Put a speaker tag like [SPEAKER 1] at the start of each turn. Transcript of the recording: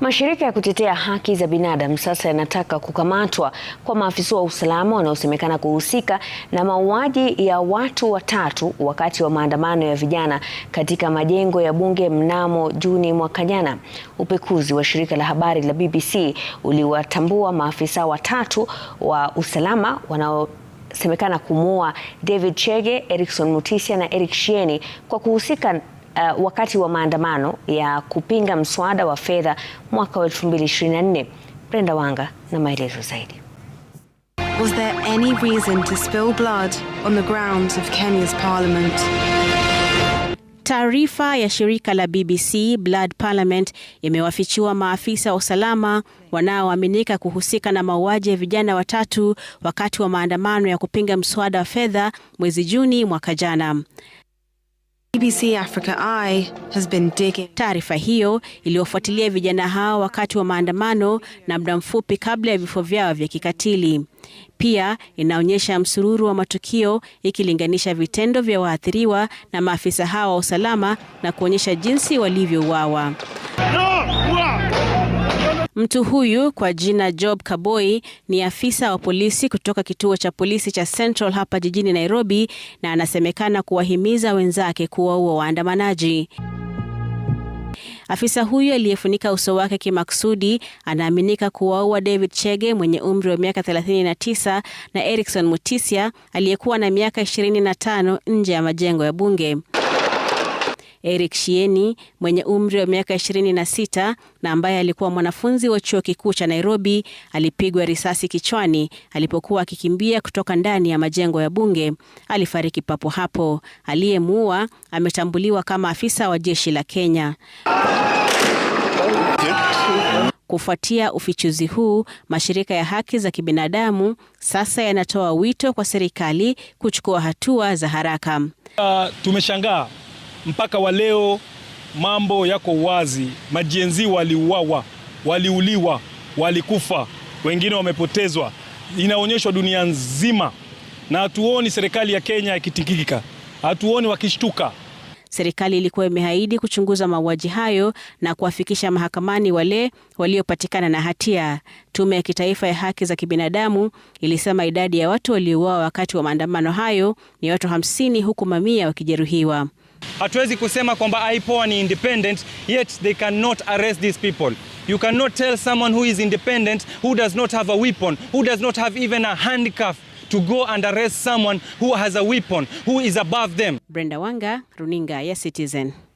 [SPEAKER 1] Mashirika ya kutetea haki za binadamu sasa yanataka kukamatwa kwa maafisa wa usalama wanaosemekana kuhusika na mauaji ya watu watatu wakati wa maandamano ya vijana katika majengo ya bunge mnamo Juni mwaka jana. Upekuzi wa shirika la habari la BBC uliwatambua maafisa watatu wa usalama wanao semekana kumuua David Chege, Erickson Mutisia na Eric Shieni kwa kuhusika uh, wakati wa maandamano ya kupinga mswada wa fedha mwaka wa 2024. Brenda Wanga na maelezo zaidi.
[SPEAKER 2] Was there any reason to spill blood on the grounds of Kenya's parliament?
[SPEAKER 1] Taarifa ya shirika la BBC Blood Parliament imewafichua maafisa wa usalama wanaoaminika kuhusika na mauaji ya vijana watatu wakati wa maandamano ya kupinga mswada wa fedha mwezi Juni mwaka jana.
[SPEAKER 2] BBC Africa Eye has been digging.
[SPEAKER 1] Taarifa hiyo iliyofuatilia vijana hao wakati wa maandamano na muda mfupi kabla ya vifo vyao vya kikatili. Pia inaonyesha msururu wa matukio ikilinganisha vitendo vya waathiriwa na maafisa hao wa usalama na kuonyesha jinsi walivyouawa. Mtu huyu kwa jina Job Kaboi ni afisa wa polisi kutoka kituo cha polisi cha Central hapa jijini Nairobi na anasemekana kuwahimiza wenzake kuwaua waandamanaji. Afisa huyo aliyefunika uso wake kimakusudi anaaminika kuwaua David Chege mwenye umri wa miaka 39 na Erikson Mutisia aliyekuwa na miaka 25 nje ya majengo ya bunge. Eric Shieni mwenye umri wa miaka 26 na ambaye alikuwa mwanafunzi wa chuo kikuu cha Nairobi alipigwa risasi kichwani alipokuwa akikimbia kutoka ndani ya majengo ya bunge. Alifariki papo hapo. Aliyemuua ametambuliwa kama afisa wa jeshi la Kenya. Kufuatia ufichuzi huu, mashirika ya haki za kibinadamu sasa yanatoa wito kwa serikali kuchukua hatua za haraka.
[SPEAKER 3] Uh, tumeshangaa mpaka wa leo mambo yako wazi. Majenzi waliuawa, waliuliwa, walikufa, wengine wamepotezwa, inaonyeshwa dunia nzima, na hatuoni serikali ya Kenya ikitikika, hatuoni wakishtuka.
[SPEAKER 1] Serikali ilikuwa imeahidi kuchunguza mauaji hayo na kuwafikisha mahakamani wale waliopatikana na hatia. Tume ya Kitaifa ya Haki za Kibinadamu ilisema idadi ya watu waliouawa wakati wa maandamano hayo ni watu 50 huku mamia wakijeruhiwa.
[SPEAKER 4] Hatuwezi kusema kwamba IPOA ni independent yet they cannot arrest these people. You cannot tell someone who is independent who does not have a weapon, who does not have even a handcuff to go and arrest someone who has a weapon, who is above them.
[SPEAKER 1] Brenda Wanga, Runinga ya Citizen.